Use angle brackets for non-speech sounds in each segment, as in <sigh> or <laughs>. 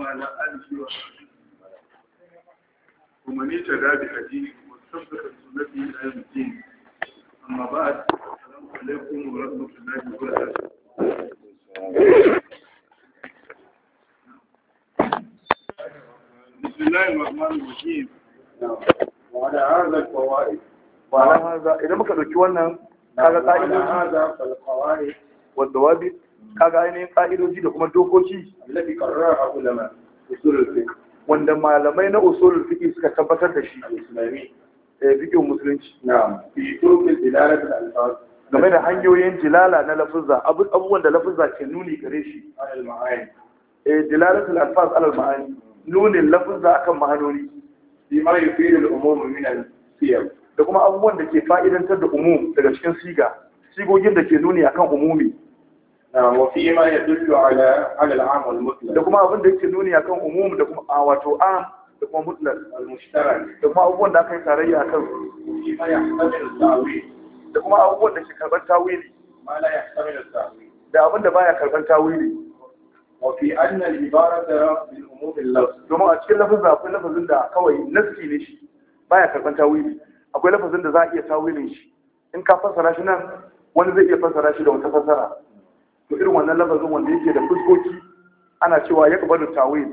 وعلى آله وصحبه ومن يتبع بهديه واستمسك بسنته إلى يوم الدين أما بعد السلام عليكم ورحمة الله وبركاته بسم الله الرحمن الرحيم وعلى هذا الفوائد وعلى هذا إذا ما كانوا كيوانا نعم، هذا تعيد هذا فالقواعد والضوابط kaga ainihin ka'idoji da kuma dokoki lafi usulul fiqh wanda malamai na usulul fiqh suka tabbatar da shi islami eh musulunci na'am fi turuqil dilalat al-alfaz game da hanyoyin dilala na lafuzza abubuwan da lafuzza ke nuni gare shi al-ma'ani eh dilalat al-alfaz al-ma'ani nunin lafuzza akan ma'anoni bima yufidu al-umum min al-siyam da kuma abubuwan da ke fa'idantar da umum daga cikin siga sigogin da ke nuni akan umumi وفي ما يدل على على العام والمطلق da kuma abin da yake nuni akan umum da kuma wato am da kuma mutlaq al-mushtarak da kuma abubuwan da aka yi tarayya akan su ma da kuma abubuwan da ke karban tawili ma la yahtamil tawil da abin da baya karban tawili wa fi anna al-ibarata min kuma a cikin lafazin akwai lafazin da kawai nassi ne shi baya karban tawili akwai lafazin da za a iya tawilin shi in ka fassara shi nan wani zai iya fassara shi da wata fassara to irin wannan lafazin wanda yake da fuskoki ana cewa ya kabalu tawil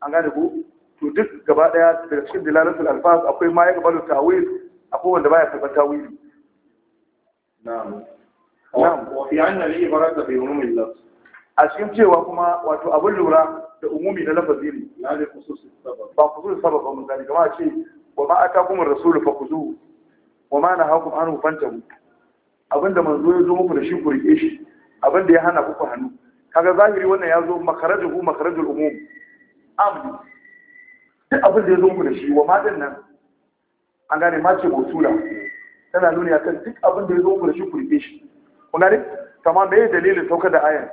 an gane ko to duk gaba daya daga cikin dilalatul alfaz akwai ma ya kabalu tawil akwai wanda baya karban tawil na'am na'am wa fi anna li ibarata bi umum al-lafz a cikin cewa kuma wato abin lura da umumi na lafazi ne la da khususi sabab ba khususi sabab ba mun gani kuma a ce wa ma atakum ar-rasul fa khudhu wa ma nahakum anhu fantahu abinda manzo ya zo muku da shi ku rike shi abin da ya hana kuka hannu kaga zahiri wannan ya zo makarajuhu makarajul umum amdu duk abin da ya zo ku da shi wa madan nan an gane ma ce motula tana nuni akan duk abin da ya zo ku da shi ku rike shi kun gane kama me dalilin saukar da ayan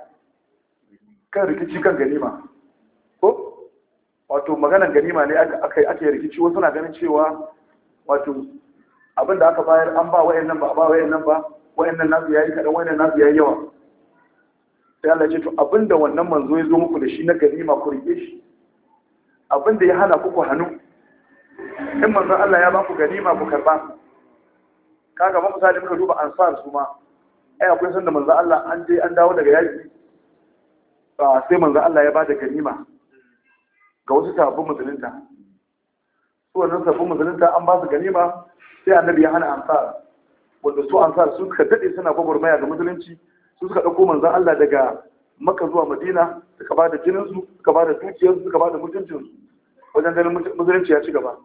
kan rikici kan ganima ko wato maganan ganima ne aka ake rikici wasu na ganin cewa wato abin da aka bayar an ba nan ba a ba nan ba wayannan nasu yayi wa'in nan nasu yayi yawa sai Allah ce to abinda wannan manzo ya zo muku da shi na ganima ku rike shi abinda ya hana ku ku hannu in manzon Allah ya ba ku ganima ku karba kaga ba misali muka duba ansar su ma ai akwai sanda manzon Allah an je an dawo daga yaki ba sai manzon Allah ya ba da ganima ga wasu sabbin musulunta su wannan sabbin musulunta an ba su ganima sai annabi ya hana ansar wanda su ansar su ka dade suna gwagwarmaya ga musulunci su suka ɗauko manzan Allah daga maka zuwa madina suka ba da jininsu suka ba da dukiyarsu suka ba da mutuncinsu wajen ganin musulunci ya ci gaba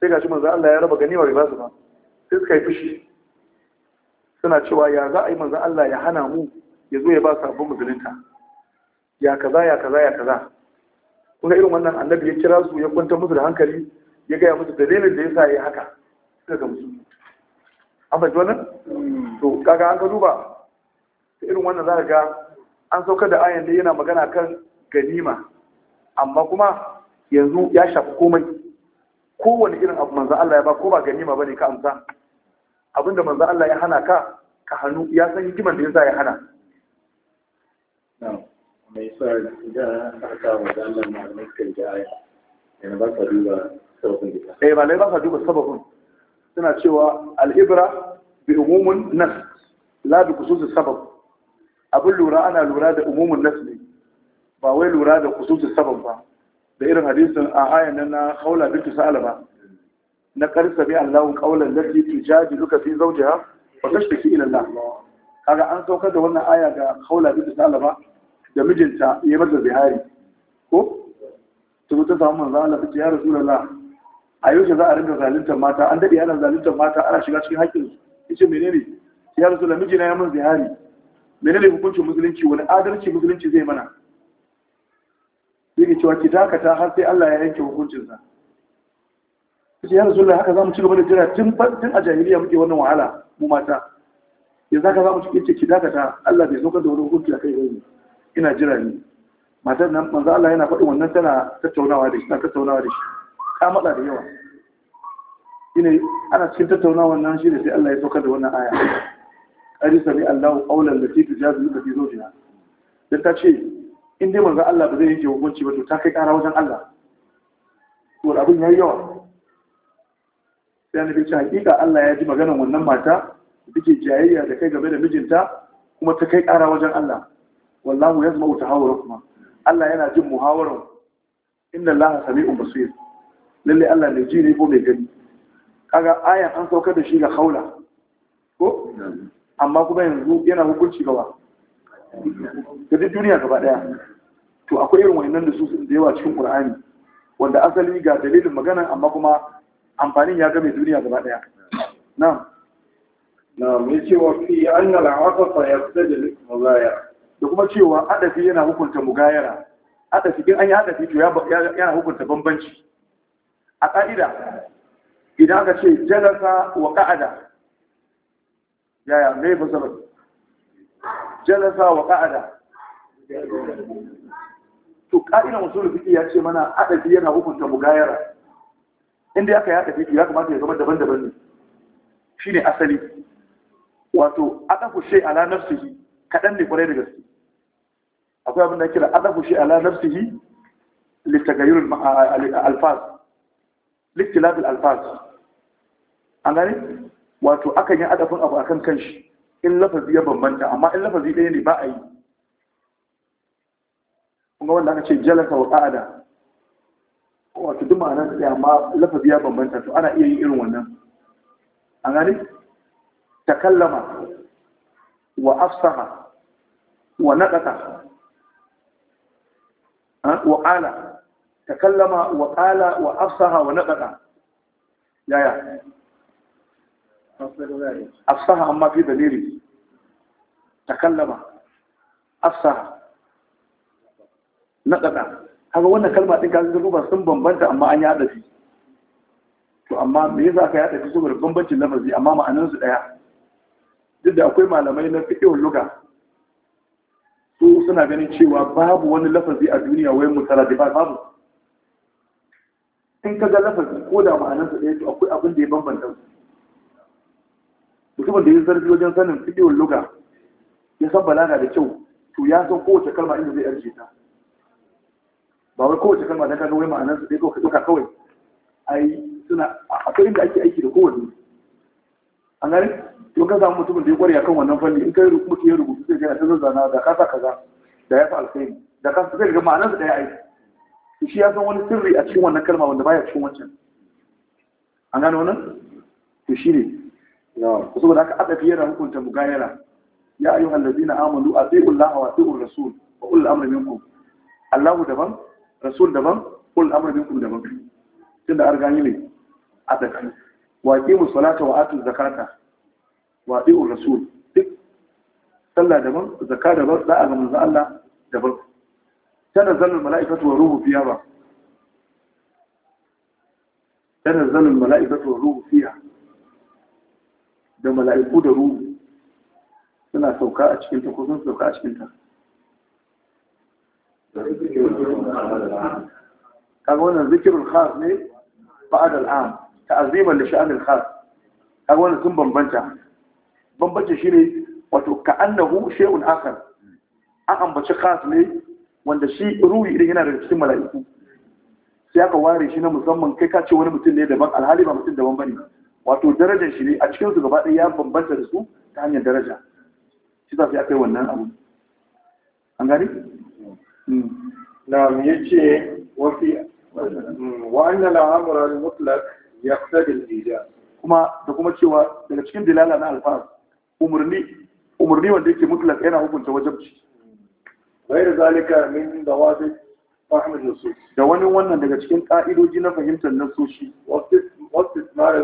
sai gashi manzan Allah ya raba ganima bai ba su ba sai suka yi fushi suna cewa ya za a yi manzan Allah ya hana mu ya zo ya ba sabon musulunta ya kaza ya kaza ya kaza kuma irin wannan annabi ya kira su ya kwanta musu da hankali ya gaya musu dalilin da ya sa ya yi haka suka gamsu an fahimci wannan to kaga an ka duba irin wannan za ga an saukar da ayan da yana magana kan ganima amma kuma yanzu ya shafi komai kowane irin abu manzo Allah ya ba ko ba ganima bane ka amsa abinda manzo Allah ya hana ka ka hannu ya san hikiman da yasa ya hana mai sa da aka wanda Allah malamai kan da aya yana ba ka duba sababin gida. eh ba lai ba ka duba sababin suna cewa al-ibra bi umumin nas la bi khusus sabab abin lura ana lura da umumin nas ne ba wai lura da kusutu sabon ba da irin hadisin a ayan nan na haula bintu ba. na karsa bi Allahu qawlan lati tujadiluka fi zawjiha wa tashtaki ila Allah kaga an saukar da wannan aya ga haula bintu salama da mijinta ya mata zihari ko to ta samu manzo Allah ta ya rasulullah a yau za a rinka zaluntar mata an dade ana zaluntar mata ana shiga cikin haƙƙin su yace menene ya rasulullah mijina ya mun zihari menene hukuncin musulunci wani adalci musulunci zai mana yake cewa ki dakata har sai Allah ya yanke hukuncinsa kace ya rasulullah haka zamu ci gaba da jira tun tun a jahiliya muke wannan wahala mu mata yanzu haka zamu ci ki dakata Allah bai zo da wani hukunci akai ba ina jira ni matar nan manzo Allah yana faɗin wannan tana tattaunawa da shi tana tattaunawa da shi ka matsa da yawa shine ana cikin tattaunawa nan shi ne sai Allah ya saukar da wannan aya ƙari sami Allah ƙaunar da titu jazu fi zojiya ta ce in dai manzan Allah ba zai yanke hukunci ba to ta kai ƙara wajen Allah to abin ya yi yawa sai na ci hakika Allah ya ji maganar wannan mata da take jayayya da kai game da mijinta kuma ta kai ƙara wajen Allah wallahu ya zama wuta hawara kuma Allah yana jin muhawarar inna Allah sami'un basir lalle Allah mai ji ne ko mai gani kaga ayan an saukar da shi ga haula amma kuma yanzu yana hukunci gaba ga duk duniya gaba daya to akwai irin wayannan da su da yawa cikin qur'ani wanda asali ga dalilin magana amma kuma amfanin ya game duniya gaba daya Na na mai cewa fi anna al-'atfa yastadil mughayara da kuma cewa adafi yana hukunta mugayara adafi in an yi adafi to yana hukunta bambanci a ka'ida idan aka ce jalasa wa ka'ada yaya mai musamman jalasa wa ka'ada to ka'idan usulul fiqh ya ce mana adabi yana hukunta mugayara inda aka yaka fiqh ya kamata ya zama daban-daban ne shine asali wato adafu shi ala nafsihi kadan ne kwarai da gaske akwai abin da kira adafu shi ala nafsihi li tagayyur al alfaz li ikhtilaf al alfaz an gani wato akan yi adafin abu akan kanshi in lafazi ya bambanta amma in lafazi ɗaya ne ba a yi kuma wanda aka ce jalasa wa ƙa'ada wato duk ma'anar ɗaya amma lafazi ya bambanta to ana iya yin irin wannan A gani ta kallama wa afsaha wa naɗaka wa ƙala ta kallama wa ƙala wa afsaha wa naɗaka yaya afsaha amma fi dalili takallama afsaha naɗaɗa kaga wannan kalma ɗin kaga duba sun bambanta amma an yaɗa fi to amma me yasa ka yaɗa fi saboda bambancin lafazi amma ma'anar su ɗaya duk da akwai malamai na fiƙewar luga su suna ganin cewa babu wani lafazi a duniya wai mutaradifa babu in ka ga lafazi ko da ma'anar ɗaya to akwai abin ya bambanta su mutumin da ya zarfi wajen sanin fiƙewar luga ya san balaga da kyau to ya san kowace kalma inda zai yarje ta ba wai kowace kalma ta kaga wai ma'anar su dai kawai duka kawai ai suna akwai inda ake aiki da kowanne an gani to ka samu mutumin da ya kware akan wannan fanni in kai mutum ya rubutu sai ga ta zazzana da kasa kaza da ya fi alkhairi da kasa sai ga ma'anar su daya aiki shi ya san wani sirri a cikin wannan kalma wanda baya cikin wancan an gani wannan to shi ne saboda haka adafi yana hukunta mugayara ya ayyuha allazina amanu atiiu Allah wa atiiu rasul wa ul amri minkum Allahu daban rasul daban ul amri minkum daban tunda an gani ne a tsakani wa qimu salata wa atu zakata wa atiiu rasul duk sallah daban zakata daban da ga manzo Allah daban Tana zalal mala'ikatu wa ruhu fiha ba tanazzal mala'ikatu wa ruhu fiha da mala'iku da ruhu suna sauka a cikinta ko sun sauka a cikinta kaga wannan zikirul khas ne ba'ad al'am ta'aziman da sha'anil khas kaga wannan sun bambanta bambanta shine wato ka annahu shay'un akhar an ambaci khas ne wanda shi ruhi idan yana daga cikin mala'iku sai aka ware shi na musamman kai ka ce wani mutum ne daban alhali ba mutum daban bane wato darajar shi ne a cikin su gaba ɗaya ya bambanta da su ta hanyar daraja shi za su yi akai wannan abu an gani? Hmm. na mu yi ce wafi hmm, wa'annan da mutlak ya fita da lijiyar kuma da kuma cewa daga cikin dilala na alfahar umarni umarni wanda yake mutlak yana hukunta wajen ci. bai da zalika min da wazi da wani wannan daga cikin ƙa'idoji na fahimtar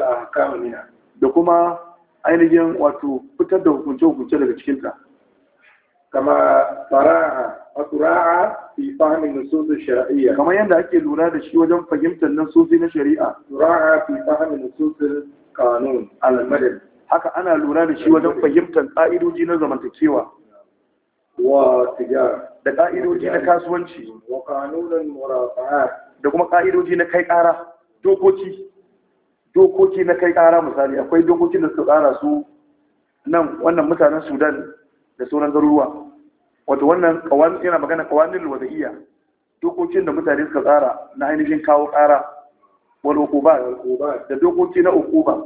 a kamunina da kuma ainihin wato fitar da hukunce-hukunce daga cikinta kama tsara'a fi fahimin nasosin shari'a kama yadda ake lura da shi wajen fahimtar nasosi na shari'a tsara'a fi fahimin nasosin kanun al haka ana lura da shi wajen fahimtar ƙa'idoji na zamantakewa wa tijara da ƙa'idoji na kasuwanci da kuma ƙa'idoji na kai ƙara dokoki dokoki na kai ƙara misali akwai dokokin da suka tsara su nan wannan mutanen sudan da sauran garuruwa wato wannan yana magana kawanin wada'iyya dokokin da mutane suka tsara na ainihin kawo ƙara wani ukuba da dokoki na ukuba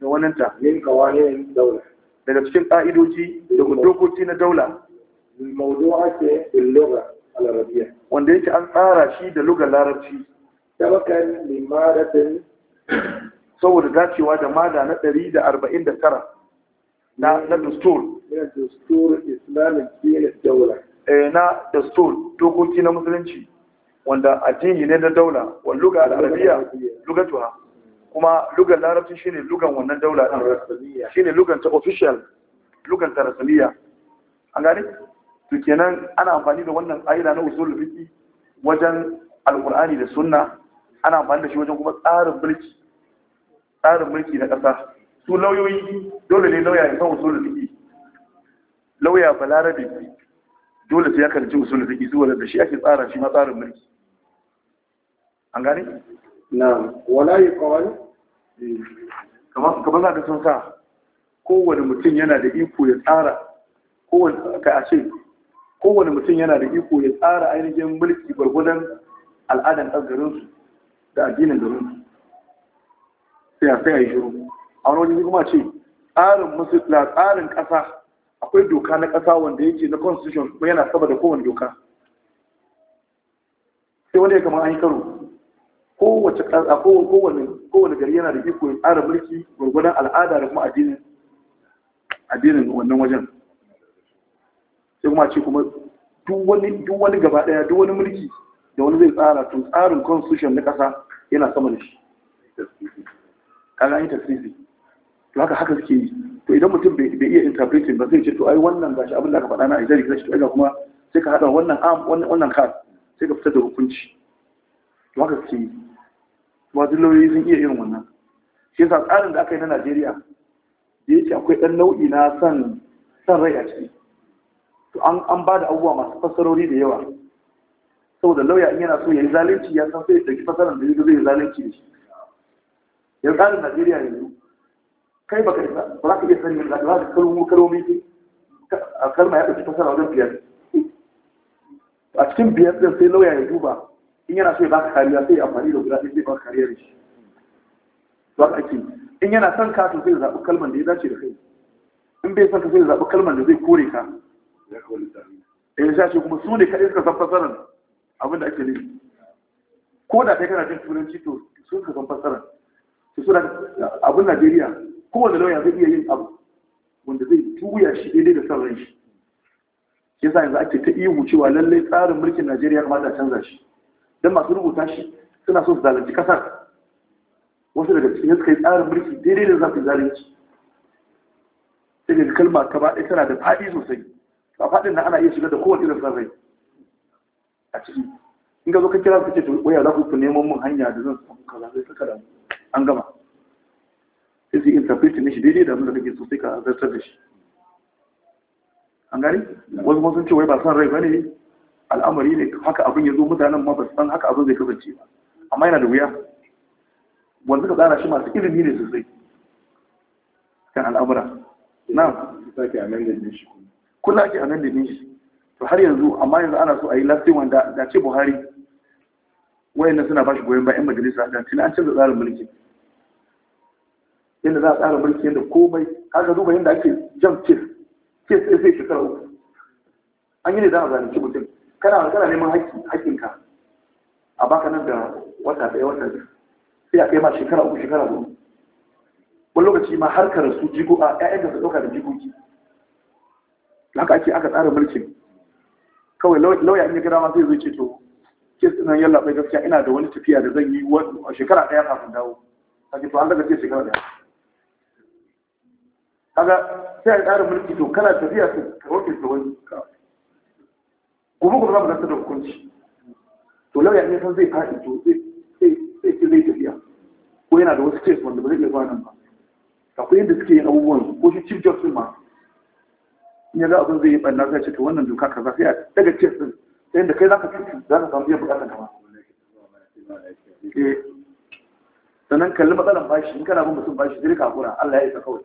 da waninta daga cikin ƙa'idoji da dokoki na daula الموضوع باللغة العربية wanda yake an tsara shi da lugar larabci tabakan limadatin saboda dacewa da mada na 149 na na dastur na dastur islamic eh, na dastur dokoki na musulunci wanda addini ne na daula wal lugar arabiya lugatuwa, kuma lugar larabci shine lugan wannan daula din shine lugar ta official lugar ta rasmiya an gane to kenan ana amfani da wannan ƙa'ida na usul fiqi wajen alkur'ani da sunna ana amfani da shi wajen kuma tsarin mulki tsarin mulki na ƙasa su lauyoyi dole ne lauya ya san usul fiqi lauya balarabe dole sai ya karci usul fiqi Su wadanda shi ake tsara shi ma tsarin mulki an gane na wala yi kawai? kamar za ka sun sa kowane mutum yana da iko ya tsara kowane ka a ce kowane mutum yana da iko ya tsara ainihin mulki gwargwadon al'adan garinsu da addinin garinsu sai a sai a yi shiru a wani wajen kuma ce tsarin musulun tsarin ƙasa akwai doka na ƙasa wanda yake na constitution kuma yana saba da kowane doka sai wanda ya kama an yi karo kowace ƙasa kowane gari yana da iko ya tsara mulki gwargwadon al'ada da kuma addinin wannan wajen sai kuma ce kuma duk wani duk wani gaba daya duk wani mulki da wani zai tsara to tsarin constitution na kasa yana sama da shi kaga ita tafsiri to haka haka suke yi to idan mutum bai iya interpreting ba zai ce to ai wannan gashi abin da aka faɗa na a zai shi to ai kuma sai ka hada wannan am wannan card sai ka fitar da hukunci to haka suke yi kuma duk lauyoyi sun iya irin wannan shi yasa tsarin da aka yi na Najeriya da yake akwai dan nau'i na san san rai a ciki to an ba da abubuwa masu fassarori da yawa saboda lauya in yana so ya yi zalunci ya san sai ya ɗauki fassarar da zai yi zalunci da shi ya tsarin najeriya yanzu kai baka isa ba za ka iya sani yanzu za ka kalmo kalmomi a kalma ya ɗauki fassara wajen biyar a cikin biyar ɗin sai lauya ya duba in yana so ya baka kariya sai ya amfani da guda ɗaya zai baka kariya da shi Ba ka ake in yana son ka to sai zaɓi kalmar da ya dace da kai in bai son ka sai ya zaɓi kalmar da zai kore ka ya eh, sha ce kuma su ne kaɗai suka san fasarar abin da ake nufi ko da kai kana jin turanci to sun ka san fasarar su suna abin najeriya kowane lauya zai iya yin abu wanda zai juya shi daidai da san ran shi shi yasa yanzu ake ta ihu cewa lallai tsarin mulkin najeriya kamata a canza shi don masu rubuta shi suna so su zalunci kasar wasu daga cikin suka kai tsarin mulki daidai da za su zalunci sai da kalma ta ba tana da faɗi sosai a faɗin nan ana iya shiga da kowane irin rai a ciki in ga zo ka kira su ce to waya za ku ku neman mun hanya da zan samu kaza sai saka da an gama sai su interpret ne shi daidai da abin da kake so sai ka zartar da shi an gani wasu ma sun ce wai ba san rai bane al'amari ne haka abin ya zo mutanen ma ba su san haka abin zai kasance ba amma yana da wuya wanda ka tsara shi masu ilimi ne sosai kan al'amura na sake amendment da shi kuma kula ake a nan da shi to har yanzu amma yanzu ana so a yi lasting wanda da ce buhari wayan suna ba shi goyon bayan majalisa da tuni an canza tsarin mulki yadda za a tsara mulki yadda komai haka duba yadda ake jam kes kes ɗaya sai shekara uku an yi ne za a zalunci mutum kana kana neman haƙƙinka a baka nan da wata ɗaya wata biyu sai a kai ma shekara uku shekara huɗu wani lokaci ma har ka rasu jigo a ƴaƴanka su ɗauka da jikoki. haka ake aka tsara mulkin kawai lauya in ya gada masu sai zai ce to kes ɗin yalla bai gaskiya ina da wani tafiya da zan yi a shekara ɗaya kafin dawo kaji to an daga ce shekara ɗaya kaga sai a tsara mulki to kana tafiya su ka roƙe su wani gobe gobe za mu gasa da hukunci to lauya in ya san zai faɗi to zai ce zai tafiya ko yana da wasu kes wanda ba zai iya zuwa nan ba akwai yadda suke yin abubuwan ko shi chief justice ma ya ga abin zai yi ɓanna zai ce ta wannan doka kaza sai a daga ce din ta yadda kai zaka tutu za ka samu biyan bukatar kama eh. sannan kalli matsalar bashi in kana bin mutum bashi zai ka kura Allah ya isa kawai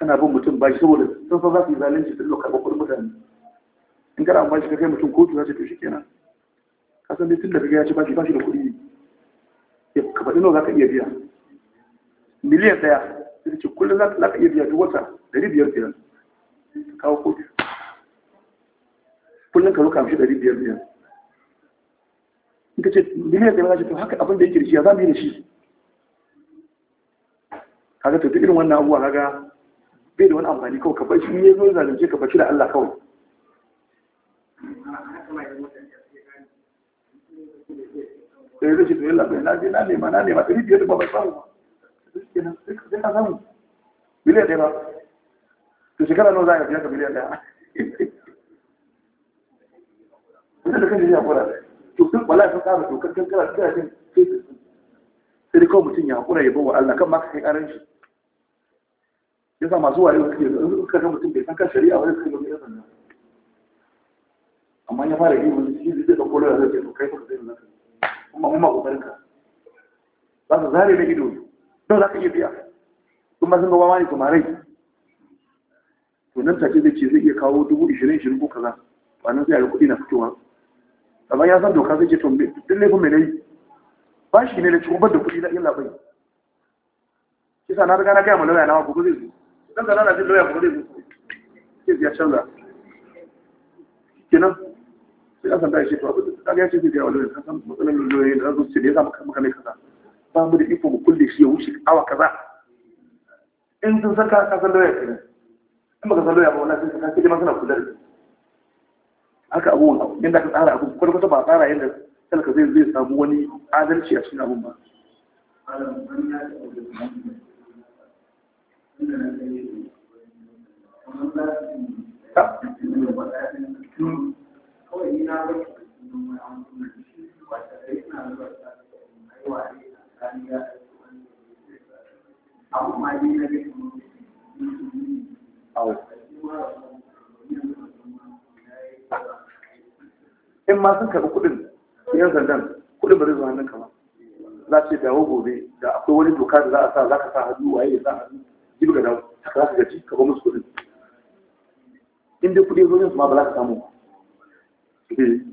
kana bin mutum bashi saboda sun san za su yi zalunci su lokar kudin mutane in kana bin bashi ka kai mutum kotu za ce to shikenan ka san dai tun da kaga ya ci bashi bashi da kuɗi ka faɗi nawa za ka iya biya miliyan ɗaya sai ce kullum za ka iya biya duk wata ɗari biyar biyar kawo kofi kullum ka ruka mishi ɗari biyar biyar in ka ce miliyan ɗaya ce to haka abin da yake da shi ya za mu da shi kaga to duk irin wannan abuwa kaga bai da wani amfani kawai ka bar shi ne zo zalunce ka baki da Allah kawai sai eh, zai ce to yalla bai na je na nema na nema ɗari biyar ba ba samu sai ka samu miliyan ɗaya ba to shekara nawa za ka biya ka miliyan ɗaya wanda da kan jini hakura to sun wala sun kama to kan kankara suna jin fesis sai kawai mutum ya hakura ya bawa Allah kan ma ka kai karan shi sa masu wayo suke da suka ga mutum bai san kan shari'a wani suka ga yasan amma ya fara yi wani shi zai da kola da zai to kai ka zai zaka kuma mun ma kokarin ka za su zare da ido don za ka iya biya kuma sun ga wani tumarai to nan take zai ce zai iya kawo dubu ishirin ishirin ko kaza ba nan zai kuɗi na fitowa amma ya san doka zai ce to duk laifin mai nayi ba shi ne da ci da kuɗi na illa bai kisa na riga na gaya ma lauya na gobe zai zo dan da na jin lauya gobe zai zo sai ya canza kenan sai an sanda shi to a ga kaga ya ce zai ga lauya kan san matsalar lauya da zo ce da ya zama maka mai kaza ba mu da iko mu kulle shi ya wuce awa kaza in sun saka kasan lauya kenan in baka san lauya ba wannan sun kace ma suna kula da haka abubuwan yadda aka tsara abu kwata-kwata ba tsara yadda talaka zai samu wani adalci a cikin abun ba in ma sun karɓi kuɗin yan sandan kuɗin ba zai zo hannun kama. ba za ce dawo gobe da akwai wani doka da za a sa za ka sa hannu waye ya sa hannu jibi ga dawo haka za ka gaji ka ba musu kuɗin in dai kuɗi zo yin su ma ba za ka samu ba ne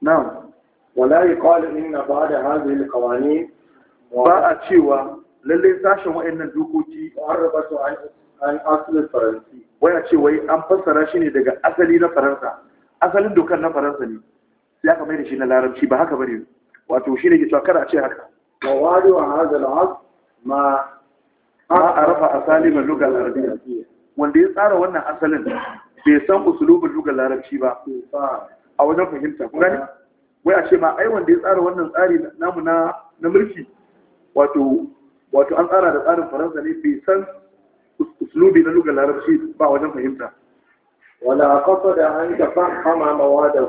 na ba da ba'da hadhihi kawane ba a cewa lallai sashen wayannan dokoki da an an asalin faransi waya ce wai an fassara shi ne daga asali na faransa asalin dokar na faransa ne ya ka mai da shi na larabci ba haka bane wato shi ne ke cewa kada a ce haka wa wadi wa hadha al ma ma arafa asali al-lugha al-arabiyya wanda ya tsara wannan asalin bai san usulubin lugar larabci ba a wajen fahimta kuma ne wai a ce ma ai wanda ya tsara wannan tsari namu na na mulki wato wato an tsara da tsarin faransa ne bai san usulubi na lugar larabci ba a wajen fahimta ولا قصد أن تفهم مواده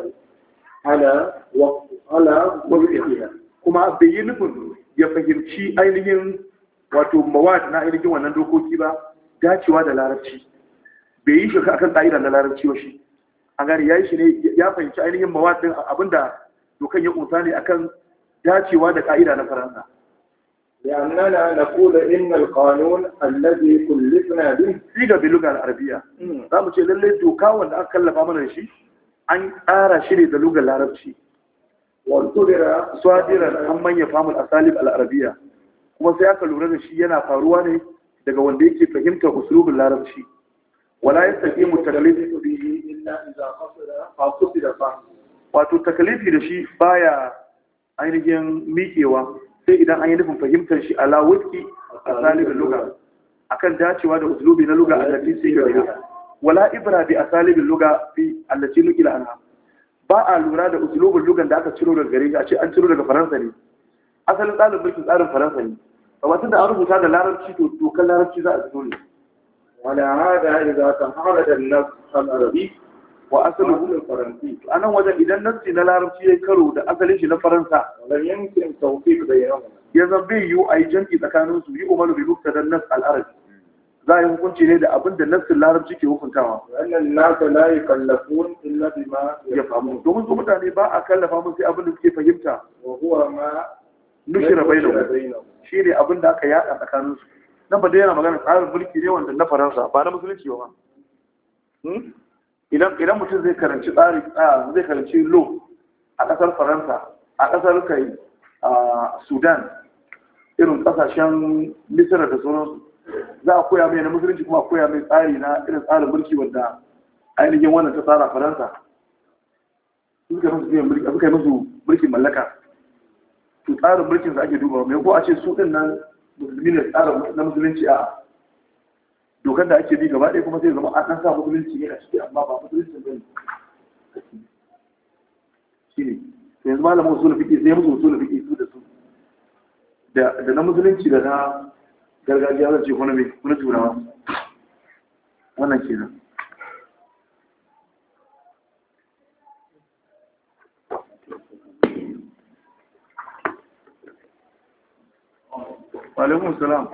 على وقت على وقتها كما ya fahimci ainihin wato mawad na ainihin wannan dokoki ba dacewa da larabci bai yi shirka akan ƙa'ida na larabci ba shi an gari ya yi shi ne ya fahimci ainihin mawad din abinda dokan ya kusa ne akan dacewa da ka'ida na faransa لأننا نقول إن القانون الذي كلفنا به سيجا باللغة العربية رامو شيء للي دوكا وانا أكلف عمنا شيء أن أرى شيء باللغة العربية وانتظر صادرا أما يفهم الأساليب العربية kuma sai aka lura da shi yana faruwa ne daga wanda yake fahimtar usulubin larabci wala yastaqimu taklifu bihi illa idza qasada fa qasida fa wato taklifi da shi baya ainihin miƙewa sai idan an yi nufin fahimtar shi a wuski a salibin luga akan dacewa da uslubi na luga allati sai ga yau wala ibra bi asalibin luga fi allati nukila anha ba a lura da uslubin lugan da aka ciro daga gari shi a ce an ciro daga faransa ne asalin tsarin mulkin tsarin faransa ne amma tunda an rubuta da larabci to dokar larabci za a zo ne wala hada idza taharada an-nas al-arabi wa asalin min faransi anan wajen idan nassi na larabci ya karo da asalin shi na faransa lam yumkin tawfiq bainahuma ya zambe yu ay jam'i tsakanin su yi umaru bi muktadan nas al arabi za yi hukunci ne da abin da nassin larabci ke hukuntawa annal nas la yukallafun illa bima yafhamun domin su mutane ba a kallafa musu sai abin da suke fahimta wa huwa ma nushira bainahum shine abin da aka yada tsakanin su nan ba dai yana magana tsarin mulki ne wanda na faransa ba na musulunci ba idan mutum zai karanci tsari zai karanci lo a ƙasar faransa a ƙasar kai a sudan irin ƙasashen misira da sauransu za a koya mai na musulunci kuma a koya mai tsari na irin tsarin mulki wanda ainihin wannan ta tsara faransa suka yi musu mulkin mallaka to tsarin mulkin da ake duba mai ko a ce su ɗin nan musulmi ne tsarin na musulunci a dokar da ake bi gaba ɗaya kuma zai zama an san sa musulunci ne a ciki amma ba musulunci ne shi ne to yanzu malamin usul fiqi sai musu usul fiqi su da su da na musulunci da na gargajiya zan ce wani mai na turawa wannan kenan Wa alaikum salam.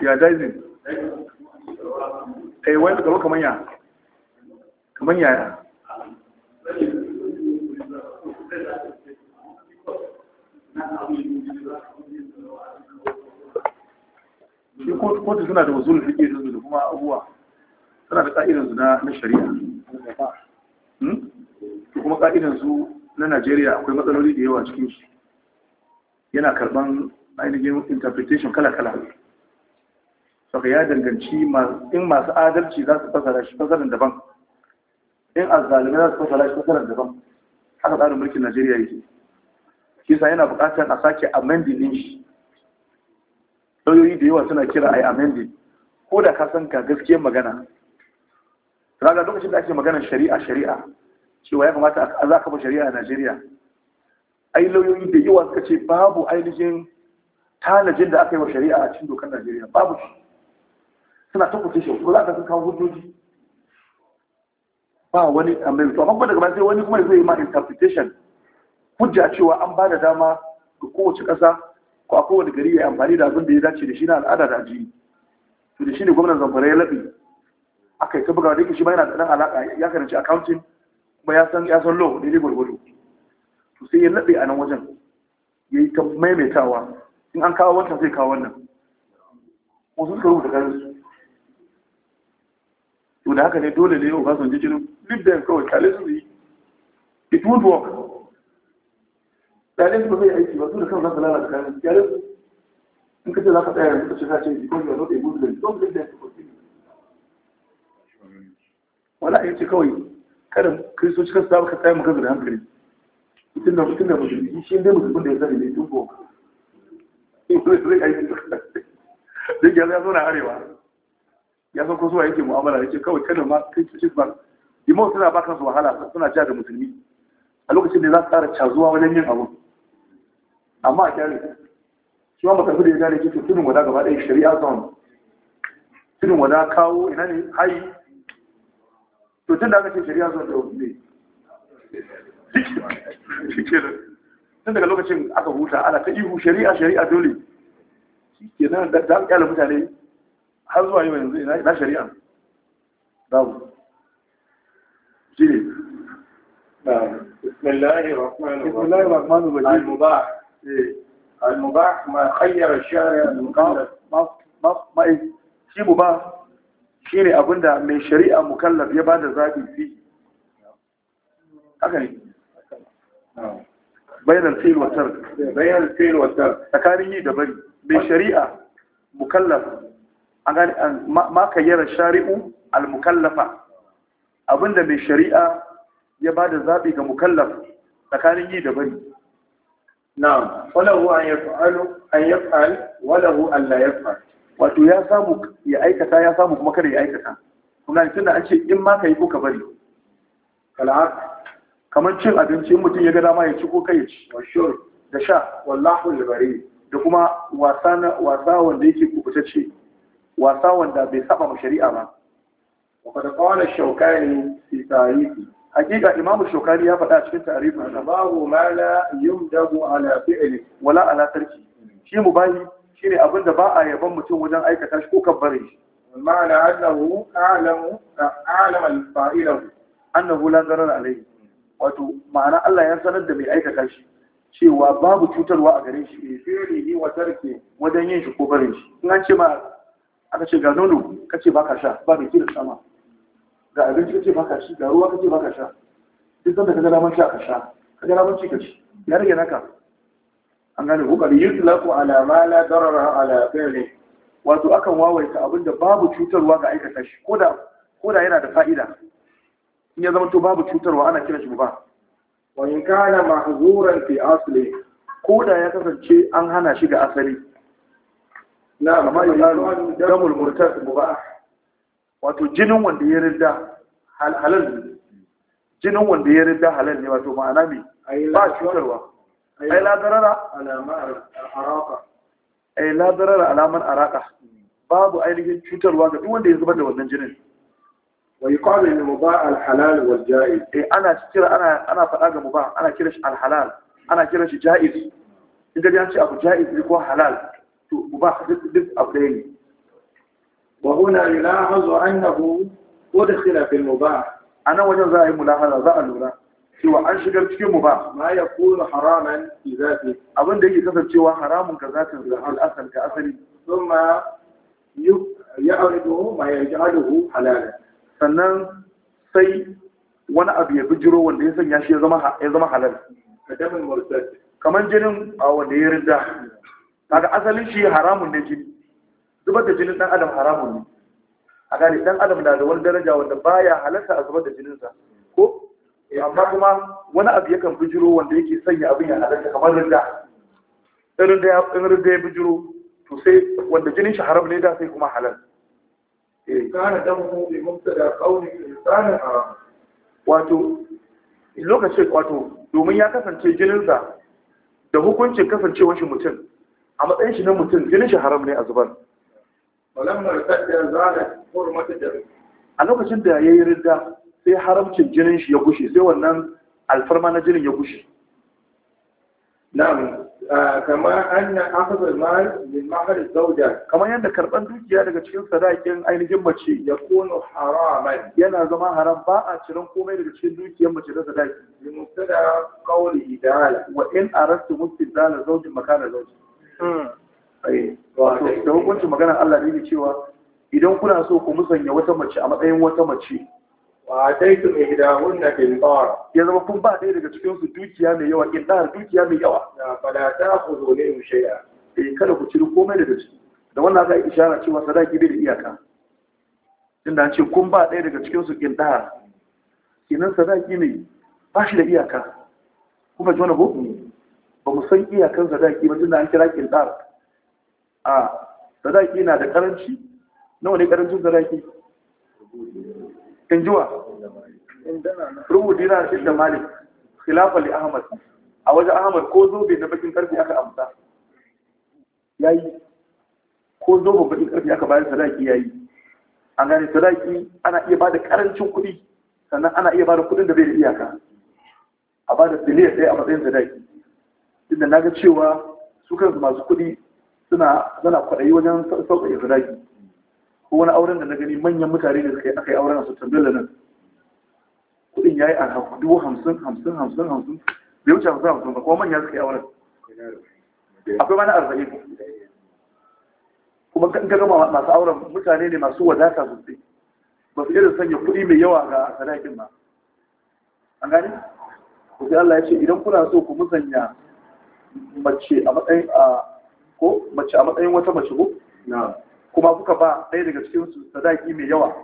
ya daizi eh wani gaba kamar ya kamar yaya shi kotu suna da wasu rufin irin da kuma abuwa suna da ƙa'idansu na shari'a hmm? kuma ƙa'idansu. na Najeriya akwai matsaloli da yawa cikin shi yana karban ainihin interpretation kala-kala saka ya danganci in masu adalci za su fasara shi fasarar daban in azzalimi za su fasara shi fasarar daban haka tsarin mulkin Najeriya yake kisa yana buƙatar a sake amending din shi lauyoyi da yawa suna kira yi amending ko da ka san ka gaskiyar magana ragar lokacin da ake maganar shari'a shari'a cewa ya kamata a za ka shari'a a Najeriya ai lauyoyi da yawa suka ce babu ainihin tanajin da aka yi wa shari'a a cikin dokar Najeriya babu shi suna ta kuce shi ko za ka sun kawo hujjoji ba wani amma to amma kuma daga sai wani kuma zai yi ma interpretation hujja cewa an ba da dama ga kowace ƙasa ko a kowane gari ya amfani da abin da ya dace da shi na al'ada da ajiyi to da shi ne gwamnan zamfara ya laɓe aka yi ta buga da yake shi ma yana da ɗan alaƙa ya karanci accounting ba ya san ya san lo daidai gwargwado to sai ya naɗe a nan wajen ya yi ta maimaitawa in an kawo wancan sai kawo wannan wasu suka rubuta su. to da haka ne dole ne yau san jikin leave da kawai kyale su yi it would work kyale su ba zai aiki ba su da kan zaka lalata kan kyale su in ka ce za ka tsaya yanzu ka ce ka ce ko ya are not a muslim don't da them to wala ya kawai kada kristoci kan sabu ka tsaye maka da hankali mutum da mutum da musulmi shi ne musulmin da ya sani ne tun ko duk yanzu ya zauna arewa ya san ko yake mu'amala yake kawai kada ma kristoci ba Imo suna baka su wahala suna ja da musulmi a lokacin da za su tsara cazuwa wajen yin abu amma a kyare shi ma matafi da ya gane ke tunin wada gaba ɗaya shari'a zone tunin wada kawo ina ne hayi to tun da aka ce shari'a zuwa da ne tun daga lokacin aka huta ana ta ihu shari'a shari'a dole shi ke nan da an kyala mutane har zuwa yau yanzu na shari'a babu shi ne bismillahir rahmanir rahim al-mubah al-mubah ma khayyara shari'a al-mukallaf ma ma shi mubah shi ne abinda mai shari'a mukallaf ya ba da zaɓi fi haka ne bayanar fil watar fil tsakanin yi da bari mai shari'a mukallaf an gani ma shari'u al-mukallafa abinda mai shari'a ya ba da zaɓi ga mukallaf tsakanin yi da bari na walahu an yaf'al walahu an la yaf'al wato ya samu ya aikata ya samu kuma kada ya aikata kuma ne tunda an ce in ma ka yi ko ka bari kal'ar kamar cin abinci in mutum ya ga dama ya ci ko kai ya ci washur da sha wallahu libari da kuma wasa wasa wanda yake kubutacce wasa wanda bai saba ma shari'a ba wa da qala shaukani fi tarihi hakika imamu shaukani ya faɗa cikin tarihi babu ma la yumdagu ala fi'li wala ala tarki shi mubahi shine abin da ba a yaban mutum wajen aikata shi ko kan bari. shi ma'ana annahu a'lamu a'lama al-fa'ilahu annahu la zarar alayhi wato ma'ana Allah ya sanar da mai aikata shi cewa babu cutarwa a gare shi fi'lihi wa tarki wajen yin shi ko barin shi in an ce ma aka ce ga nono kace baka sha ba mai kira sama ga abinci kace baka shi ga ruwa kace baka sha duk sanda ka ga daman sha ka sha ka ga daman ci ka ci ya rage naka an gane ko kada yutlaqu ala ma la darara ala fi'li wato akan wawaita abinda babu cutarwa ga aikata shi koda koda yana da fa'ida in ya zama to babu cutarwa ana kira shi ba wa in kana mahzuran fi asli koda ya kasance an hana shi ga asali na amma yunalu damul murtad ba. wato jinin wanda ya rinda halal ne jinin wanda ya rinda halal ne wato ma'ana ne ba cutarwa ai la darara alaman araka babu ainihin cutarwa ga duk wanda ya zubar da wannan jirin. wa yuqalu lil mubah al halal wal jaiz eh ana ana faɗa ga mubah ana kira shi al ana kira shi jaiz idan ya ce abu jaiz ne ko halal to mubah duk abu ɗaya ne wa huna yulahazu annahu udkhila fil mubah wajen za a yi mulahaza za a lura cewa an shigar cikin mu ba ma ya kula haraman izafi abin da yake kasancewa haramun ka zaka al asal ka asali thumma ya'ridu ma ya ji yaj'aluhu halalan sannan sai wani abu ya bijiro wanda ya sanya shi ya zama ya zama halal kadamul murtad kaman jinin a wanda ya rinda kaga asalin shi haramun ne jini zubar da jinin dan adam haramun ne a gane dan adam na da wani daraja wanda baya halarta a zubar da jininsa ko Eh, amma kuma wani abu yakan bijiro wanda yake sanya abin ya halarta kamar rinda irin da ya bijiro to sai wanda jinin shi haram ne da sai kuma halal eh. wato lokacin wato domin ya kasance jininsa da hukuncin kasancewar shi mutum a matsayin shi na mutum jinin shi haram ne a zubar a lokacin da ya yi rinda sai haramcin jinin shi ya gushe sai wannan alfarma na jinin ya gushe kamar yadda karban dukiya daga cikin sadakin ainihin mace ya kono harama yana zama haram ba a ciran komai daga cikin dukiyar mace da sadaki bi da qawli idala wa in arastu mustidala zaujin makana zaujin hmm. da hukuncin magana Allah ne cewa idan kuna so ku musanya wata mace a matsayin wata mace ba dai su mai gida hunna bin ya zama kun ba ɗaya daga cikin su dukiya mai yawa in ɗara dukiya mai yawa na fada ta ku zo in shaya eh kada ku ciri komai daga ciki da wannan za a ishara cewa sadaki bai da iyaka inda ce kun ba ɗaya daga cikin su in ɗara kenan sadaki ne ba shi da iyaka kuma ji wani ba mu san iyakan sadaki ba tunda an kira kin ɗara a sadaki na da karanci nawa ne karancin sadaki in jiwa rubu dinar shi da malik khilafar li ahmad a wajen ahmad ko zobe na bakin karfi aka amsa yayi ko zobe bakin karfi aka bayan sadaki yayi an gani sadaki ana iya ba da karancin kuɗi sannan ana iya ba da kuɗin da bai da iyaka a ba da siliyar sai a matsayin sadaki inda na ga cewa su kansu masu kuɗi suna kwaɗayi wajen sauƙaƙe sadaki ko wani auren da na gani manyan mutane da suka yi aka yi auren a sultan bello nan kudin ya yi a dubu hamsin hamsin hamsin hamsin bai wuce hamsin hamsin ba kuma manya suka yi auren akwai mana arba'in kuma kan ka gama masu auren mutane ne masu wadata sosai ba su irin sanya kuɗi mai yawa ga sadakin ba an gani ku sai Allah ya ce idan kuna so ku musanya mace a matsayin a ko mace a matsayin wata mace ko na'am kuma kuka ba ɗaya daga cikin su sadaki mai yawa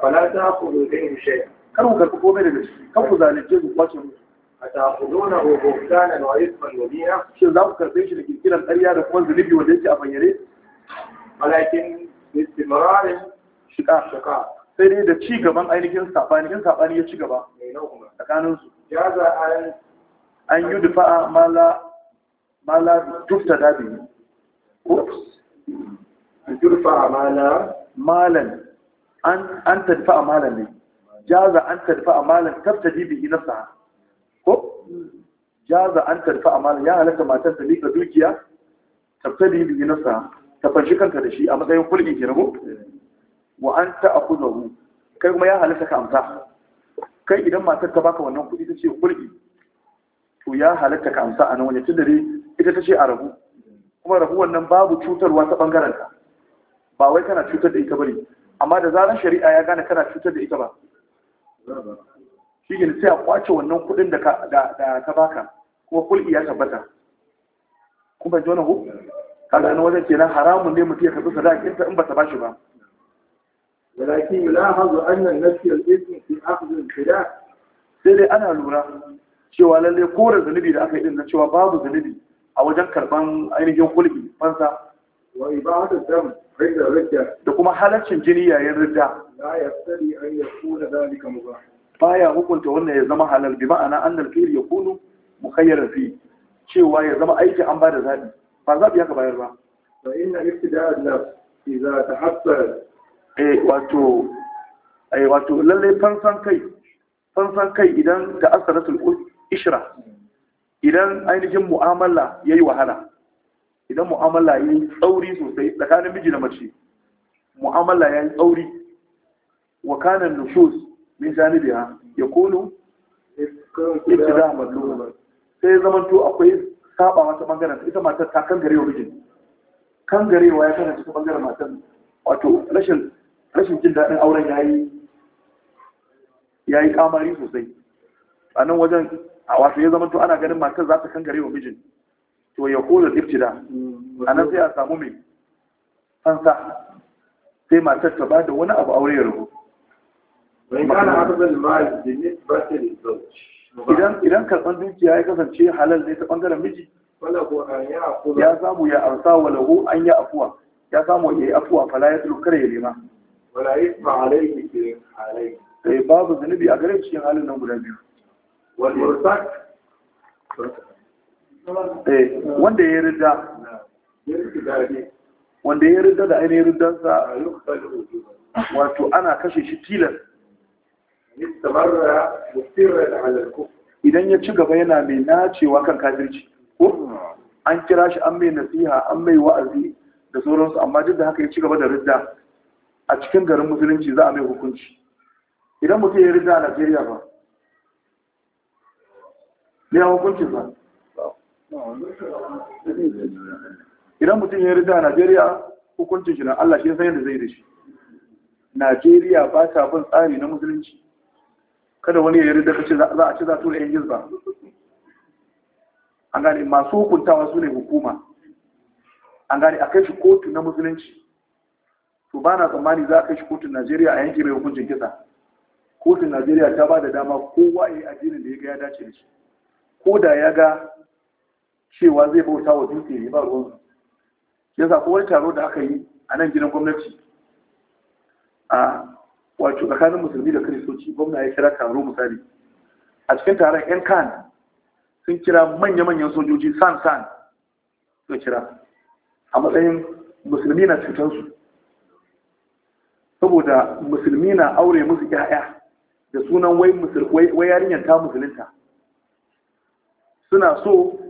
fala ta ku rubayin shay kar ku karɓi komai daga ciki kan ku zalunce ku kwace mu a ta hudona wa bukana wa isman wabina shin za ku karɓe shi da kirkiran ƙarya da kuma zunubi wanda yake a bayyane walakin shi shika shika sai dai da ci gaban ainihin saɓani in sabani ya ci gaba tsakanin su ya za an an yi dufa'a mala mala dufta dabi ترفع مالا مالا أن أن تدفع مالا لي جاز أن تدفع مالا تبتدي به نفسها ko jaza an tarfa amana ya halatta matar ta lika dukiya tabtadi bi nafsa ta fanshi kanta da shi a matsayin kulki ke wa an ta kai kuma ya ka amsa kai idan matar ta baka wannan kuɗi ta ce kulki to ya halatta ka amsa a nan wani tun da ita ta ce a rabu kuma rabu wannan babu cutarwa ta bangaren ka ba wai kana cutar da ita bane amma da zaran shari'a ya gane kana cutar da ita ba shi ne sai a kwace wannan kuɗin da ka baka kuma kulki ya tabbata kuma ji wani hukun kaga na wajen kenan haramun ne mutum ya karɓi ta in ba ta bashi ba walakin yulahazu annan nasiyar ismi fi akhdhi al sai dai ana lura cewa lalle kore zunubi da aka yi din na cewa babu zunubi a wajen karban ainihin kulki fansa wa ibadatu dam da kuma halaccin jini yayin rida. Ba ya hukunta wannan ya zama halal bi ma'ana annal fi'l yakunu mukhayyara fi cewa ya zama aiki an bada zabi ba zabi ya ka bayar ba fa inna ibtida'a an-nafs idza tahassara eh wato eh wato lalle fansan kai fansan kai idan da asaratul ishra idan ainihin mu'amala yayi wahala idan mu'amala ya yi tsauri sosai tsakanin miji da mace mu'amala ya yi tsauri wa kanan nushus min janibiha ya kolo ibtida madluma sai zamanto akwai saba wata bangaren ita matar ta kangarewa mijin kangarewa ya kana cikin bangaren matar wato rashin rashin jin daɗin auren ya yi ya yi kamari sosai a nan wajen a wato ya zamanto ana ganin matar za ta kangarewa mijin to ya kone ibtida mm. a nan sai a samu mai fansa sai matar ta ba da wani abu aure ya rubu idan karɓar dukiya ya kasance halal ne ta ɓangaren miji ya samu ya arsa wa lahu an yi afuwa ya samu ya yi afuwa fala ya tsoro kare ya nema wala eh, babu zunubi a gare cikin halin nan guda biyu wani Eh, wanda ya rida wanda ya rida da ainihin ridansa wato ana kashe shi tilas idan ya ci gaba yana mai nacewa kan kafirci ko an kira shi an mai nasiha an mai wa'azi da sauransu amma duk da haka ya ci gaba da ridda a cikin garin musulunci za a mai hukunci idan mutum ya rida a najeriya ba ne a ba idan mutum ya rida a najeriya hukuncin shi na allah shi ya sayar da zai da shi najeriya ba ta bin tsari na musulunci kada wani ya yi rida kace za a ce za a tura yan gizba an gane masu hukuntawa su ne hukuma an gane a kai shi kotu na musulunci to ba na tsammani za a kai shi kotun najeriya a yanki mai hukuncin kisa kotun najeriya ta ba da dama kowa ya yi addinin da ya ga ya dace da shi ko da ya ga cewa zai bauta wa dutse ne ba ruwan ya sa kowai taro da aka yi a nan gidan gwamnati a wato tsakanin musulmi da kiristoci gwamna ya kira taro misali a cikin taron yan kan sun kira manya-manyan sojoji san san su kira a matsayin musulmi na cutansu saboda musulmi na aure musu 'ya'ya da sunan wai yarinyar ta musulunta suna so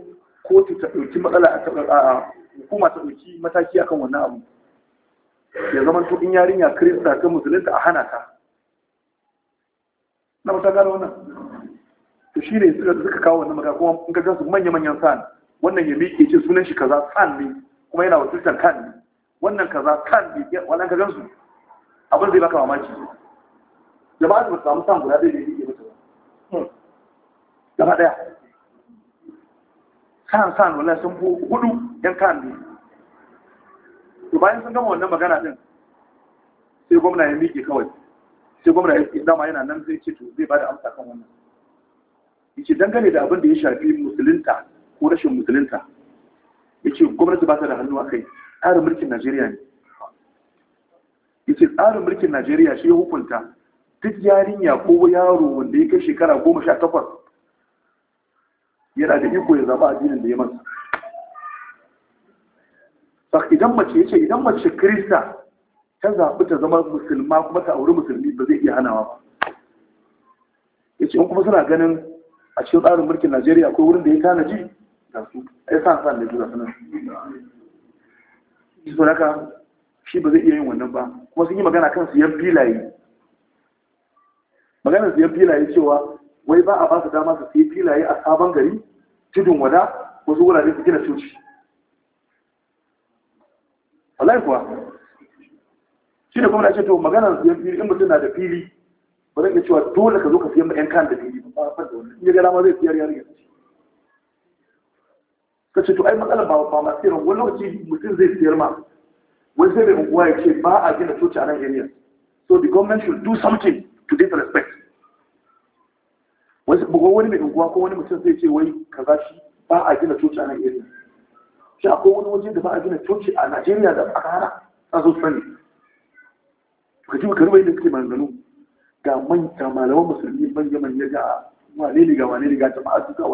kotu ta ɗauki matsala a hukuma ta ɗauki mataki akan wannan abu ya zama to in yarinya kirista ta musulunta a hana ta na mata gano wannan to shi ne suka suka kawo wannan maka kuma in ka gansu manya-manyan san wannan ya miƙe ce sunan shi kaza san ne kuma yana wakiltar kan ne wannan kaza kan ne wannan ka gansu abin zai baka mamaki jama'a ba su samu san guda ɗaya da ya miƙe ba. Hmm. gaba ɗaya kan san wannan sun fi hudu yan kan ne. to bayan sun gama wannan magana din sai gwamna ya miƙe kawai sai gwamna ya dama yana nan zai ce to zai bada amsa kan wannan yace dangane da abin da ya shafi musulunta ko rashin musulunta yace gwamnati ba ta da hannu a kai tsarin mulkin Najeriya ne yace tsarin mulkin Najeriya shi ya hukunta duk yarinya ko yaro wanda ya kai shekara goma sha takwas yana da iko ya zaba addinin da ya masa idan mace ya ce idan mace krista ta zaɓi ta zama musulma kuma ta auri musulmi ba zai iya hanawa ba ya ce in kuma suna ganin a cikin tsarin mulkin najeriya akwai wurin da ya tanaji da su ya sa sa da zuwa sanar shi so haka shi ba zai iya yin wannan ba kuma sun yi magana kan siyan filaye maganar siyan filaye cewa wai ba a ba su dama su siya filaye a sabon gari tudun wada wasu wurare su gina coci wallahi kuwa shi ne kuma da ce to maganar siyan fili in mutum na da fili ba zan iya cewa dole ka zo ka siyan ma'yan kan da fili ba a fadda wani in ya gana ma zai siyar yariya ka ce to ai matsalar ba ba masu siyar wani lokaci mutum zai siyar ma wani sai mai unguwa ya ce ba a gina coci a nan area so the government should do something to this wasu wani mai unguwa ko wani mutum zai ce wai ka za shi ba a gina coci a Najeriya shi akwai wani waje da ba a gina coci a Najeriya da aka hana a zo sani ka ji ka rubai da suke maganganu ga manya malaman musulmi manya manya ga wane ne ga wane ne ga jama'a su ga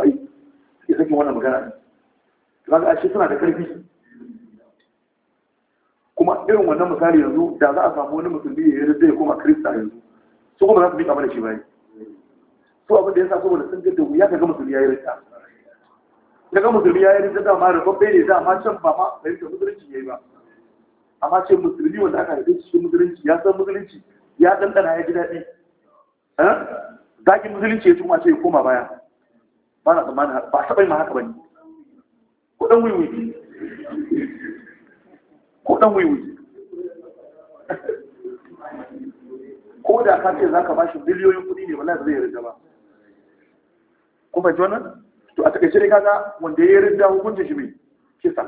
suke sakin wannan magana ne kaga ashe suna da karfi kuma irin wannan misali yanzu da za a samu wani musulmi ya yi zai koma kirista yanzu su kuma za su bi kamar shi bayan su abin da ya sa saboda sun ga da wuya ga musulmi ya yi rinta ka ga musulmi ya yi rinta da ma rabon bai ne da ma can ba ma fahimta musulunci ya yi ba amma ce musulmi wanda aka haife cikin musulunci ya san musulunci ya dandana, ya ji daɗi eh? zaki musulunci ya tuma ce ya koma baya ba na tsammanin ba taɓa yi ma haka ba ne ko ɗan wiwi ko ɗan ko da ka ce za ka ba shi miliyoyin kuɗi ne wala zai yarda ba kun fahimci wannan to a takaice dai kaga wanda ya rinda hukuncin shi mai kisa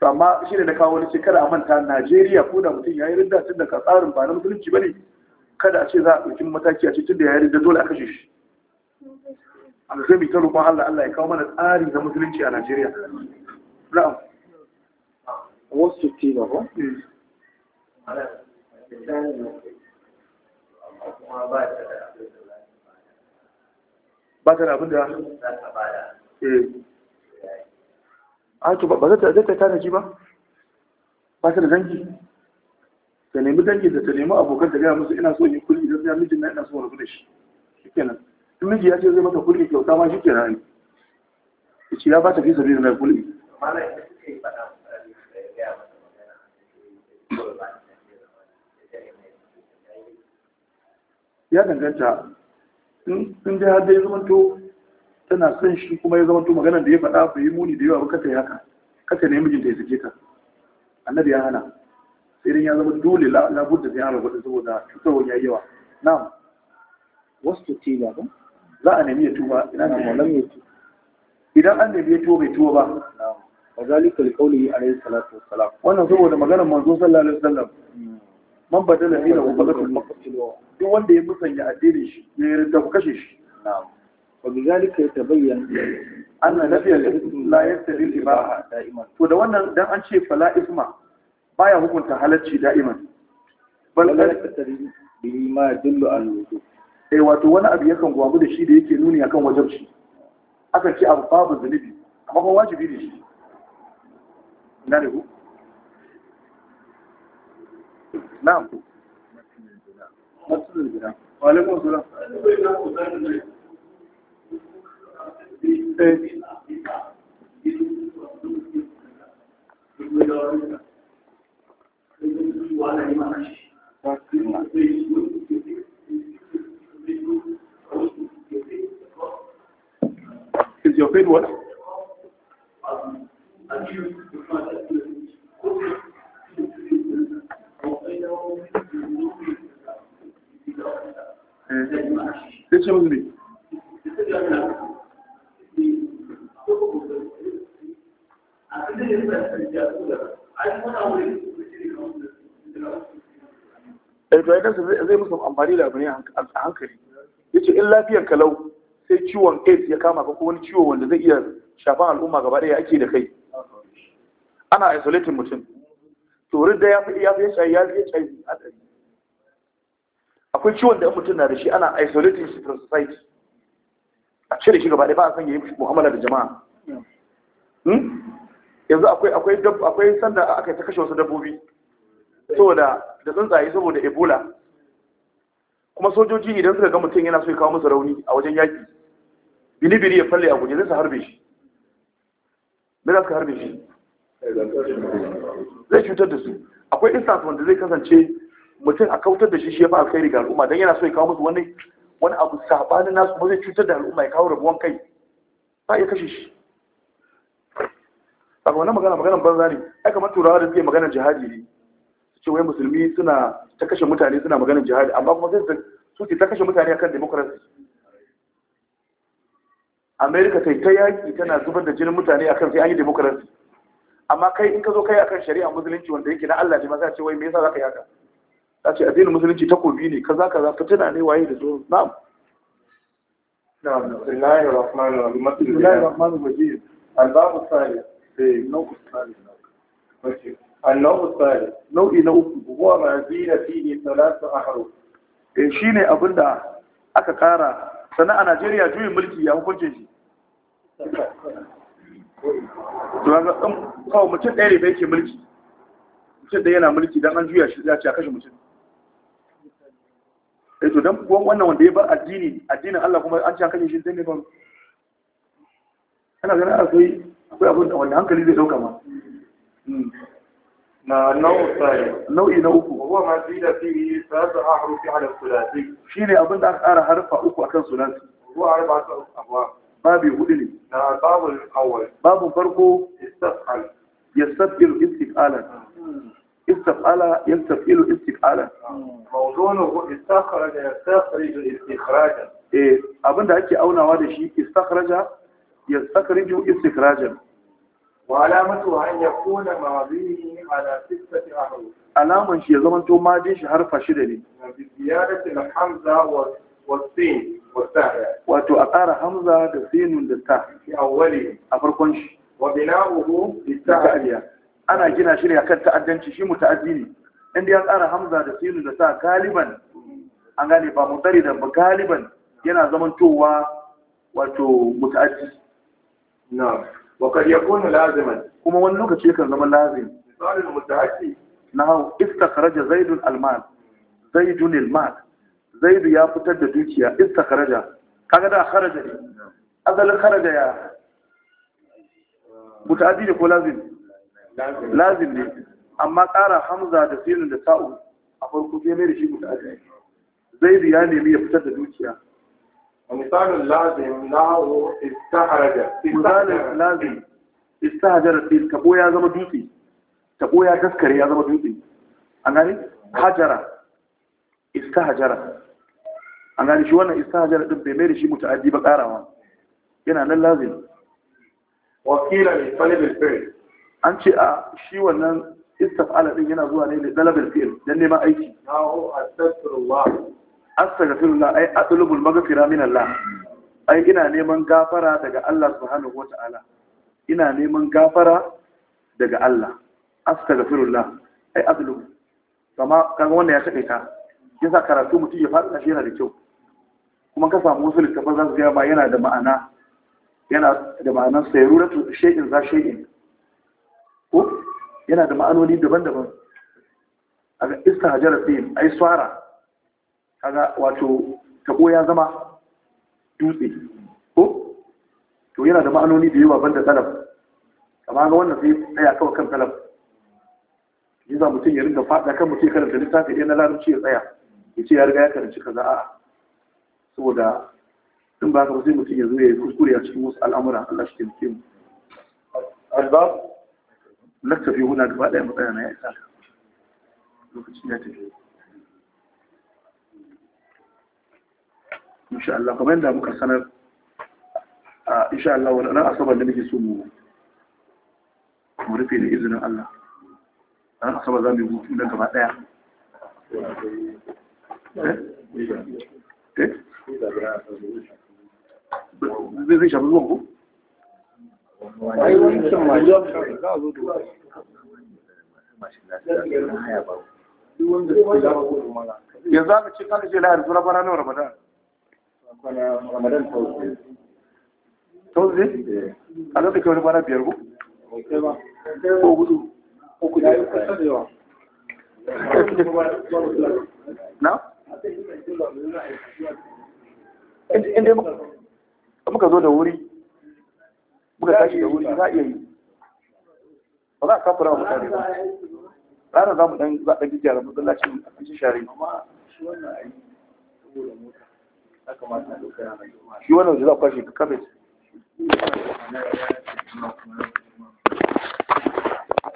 to amma shi ne na kawo wani shekara a manta Najeriya ko da mutum ya yi rinda tun da tsarin ba na musulunci ba ne kada a ce za a ɗauki mataki a ce tun da ya yi rinda dole a kashe shi a da zai ta roƙon Allah Allah ya kawo mana tsari na musulunci a Najeriya na'am wasu ti hmm. ba ko ba ba da ba ta da abin da eh a ah, to ba za ta ta tanaji ba ba ta da dangi ta nemi dangi da ta nemi abokan ta gaya musu ina so yi kulli idan ya mijin na ina so rabu da shi shikenan in miji ya ce zai mata kulli kyauta ma shikenan ai yace ya ba ta fi sabi na kulli ya danganta in dai har da ya zamanto tana son shi kuma ya zamanto magana da ya faɗa bai yi muni da yawa ba kata ya haka kasa ne mijinta ya sake ka annabi ya hana sai dai ya zama dole labudda sai an rabu saboda cutarwar ya yi yawa Na, wasu tila ba za a nemi ya tuba ina ne malam ya tuba idan an nemi ya tuba bai tuba ba wa zalika liqawlihi alayhi salatu wassalam wannan saboda maganar manzo sallallahu alaihi wasallam man dana dina wa badatul maqtil duk wanda ya musanya addinin shi ya rinda ku kashe shi na'am wa bizalika yatabayyan anna nafiya la yastawi ibaha da'iman to da wannan dan an ce fala isma baya hukunta halacci da'iman bal yastawi bi ma yadullu al wudu eh wato wani abu yakan gwamu da shi da yake nuni akan shi. aka ce abu babu zunubi amma ko wajibi ne shi na da ku na'am masjidul gida wa alaikum salam eh. Is your faith what? Um, ya musu ne eh, zai musu amfani da abu a hankali ya ce in lafiyar kalau sai ciwon aids ya kama ka ko wani ciwo wanda zai iya shafan al'umma gaba ɗaya ake da kai ana isolating mutum to da ya fi ya fi HIV ya fi HIV haɗari akwai ciwon da mutum na da shi ana isolating shi from society a cire shi gaba ɗaya ba a san yi mu'amala da jama'a hmm? yanzu akwai akwai akwai sanda aka ta kashe wasu dabbobi saboda da tsuntsaye saboda Ebola kuma sojoji idan suka ga mutum yana so ya kawo musu rauni a wajen yaki bilibiri ya falle a guje zai su harbe shi me za su harbe shi zai cutar da su akwai instance wanda zai kasance mutum a kautar da shi shi ya fi alkhairi ga al'umma don yana so ya kawo musu wani wani abu sabanin nasu kuma zai cutar da al'umma ya kawo rabuwan kai ba ya kashe shi a wannan magana maganar banza ne ai kamar turawa da suke maganar jihadi ne ce wai musulmi suna ta kashe mutane suna maganar jihadi amma kuma sai su ta kashe mutane akan demokarasi. amerika ta yi ta yaƙi tana zubar da jinin mutane akan sai an yi demokarasi. amma kai in ka zo kai akan shari'a musulunci wanda yake na Allah ne ma za ce wai me yasa za ka yi haka za ce addinin musulunci takobi ne kaza kaza fitina ne waye da zo na'am na'am bismillahir rahmanir rahim bismillahir rahmanir rahim al-babu salih eh nau'u salih okay an-nau'u salih nau'i na uku huwa ma zina fihi salatu ahruf eh shine abinda aka kara sannan a Najeriya juyin mulki ya hukunce shi <laughs> ɗan um, kawo mutum ɗaya ne da yake mulki mutum ɗaya yana mulki don an juya shi ya ce a kashe mutum eh to don wannan wanda ya bar addini addinin Allah kuma an ce a kashe shi dan ne ba ana ganin akwai akwai abin da wanda hankali zai dauka ma hmm. na nau'i na uku wa ma zida fihi salatu ahrufi ala sulasi shine abin da aka ƙara harfa uku akan sulasi wa arba'atu abwa babu hudu ne na babul awwal babu farko hmm. istafal yastafilu istiqalan استفعل يستفعل استفعالا موضوعه استخرج يستخرج استخراجا eh abinda ake aunawa da shi istakhraja yastakhriju istikhrajan wa alamatu an yakuna madihi ala sittati ahruf alaman shi ya zamanto madin shi harfa shida ne bi ziyadati al hamza wa wa sin wato a ƙara hamza da sinun da ta a farkon shi wa bina'uhu bi ta'aliya ana gina shi ne akan ta'addanci shi muta'addi ne inda ya ƙara hamza da sinun da ta galiban an gane ba tsari da ba galiban yana zamantowa wato muta'addi na wa kad yakunu laziman kuma wani lokaci yakan zama lazim misalin muta'addi na hau istakhraja zaidun almal zaidun almal zaidu ya fitar da dukiya ista kharaja kaga da kharaja ne azalin kharaja ya mutaaddi ne ko lazim lazim ne amma ƙara hamza da sinin da sa'u a farko sai ne da shi mutaaddi zaidu ya nemi ya fitar da dukiya misalin lazim nahu istaharaja misalin lazim istahajara fil tabo ya zama dutse tabo ya daskare ya zama dutse an gani hajara hajara. an gani shi wannan istihajara din bai mai da shi muta'addi ba karawa yana nan lazim wakilan ne talibin an ce a shi wannan istaf'ala din yana zuwa ne da talibin fi'il dan neman aiki na'u astaghfirullah astaghfirullah ai atlubul maghfira min Allah ai ina neman gafara daga Allah subhanahu wata'ala ina neman gafara daga Allah astaghfirullah ai atlub kama kaga wannan ya takaita yasa karatu mutum ya faɗi shi yana da kyau kuma ka samu wasu littafan za su gaya ma yana da ma'ana yana da ma'anar sayruratu shekin za shekin ko yana da ma'anoni daban-daban a ga iska hajjara sai ai swara kaga wato tabo ya zama dutse ko to yana da ma'anoni da yawa banda talab kamar ga wannan sai tsaya kawai kan talab yi za mutum ya rinda faɗa kan mutum ya karanta littafi ɗaya na larabci ya tsaya ya ce ya riga ya karanci kaza a'a saboda in ba ka sai mutum ya zo ya yi kuskure a cikin wasu al'amura Allah shi taimake mu albab lakta huna gaba ɗaya matsaya na ya isa lokacin ya tafi insha Allah kamar yadda muka sanar a insha Allah wani ran asabar da muke so mu mu rufe da izinin Allah ran asabar za mu yi hutu na gaba ɗaya zai zai shafi zuwan ku? yanzu aka ce kada ce lahar suna fara nan ramadan ramadan a zata ke wani fara biyar ku? ko hudu na? inda muka zo da wuri muka tashi da wuri za a iya yi ba za a kafura wa mutane ba ranar za mu dan za a ɗan gyara a cikin share shi wannan da za a kwashe ka kafe